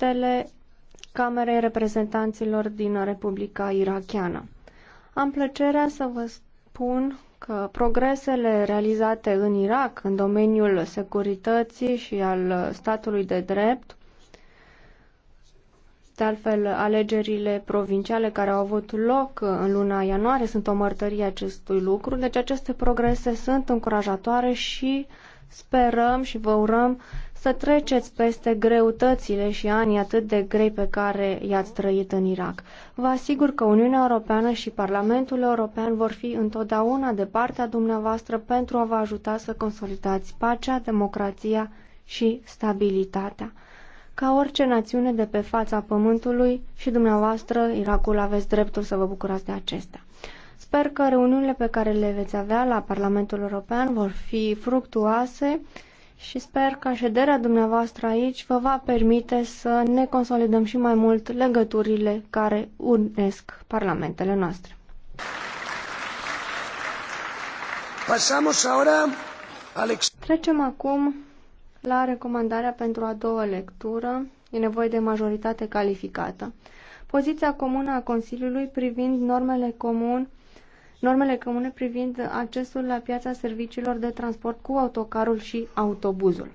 președintele Camerei Reprezentanților din Republica Irakiană. Am plăcerea să vă spun că progresele realizate în Irak în domeniul securității și al statului de drept, de altfel alegerile provinciale care au avut loc în luna ianuarie sunt o mărtărie acestui lucru, deci aceste progrese sunt încurajatoare și Sperăm și vă urăm să treceți peste greutățile și anii atât de grei pe care i-ați trăit în Irak. Vă asigur că Uniunea Europeană și Parlamentul European vor fi întotdeauna de partea dumneavoastră pentru a vă ajuta să consolidați pacea, democrația și stabilitatea. Ca orice națiune de pe fața pământului și dumneavoastră, Irakul, aveți dreptul să vă bucurați de acestea. Sper că reuniunile pe care le veți avea la Parlamentul European vor fi fructuoase și sper că șederea dumneavoastră aici vă va permite să ne consolidăm și mai mult legăturile care unesc parlamentele noastre. Pasamos ahora Alex. Trecem acum la recomandarea pentru a doua lectură. E nevoie de majoritate calificată. Poziția comună a Consiliului privind normele comun normele comune privind accesul la piața serviciilor de transport cu autocarul și autobuzul.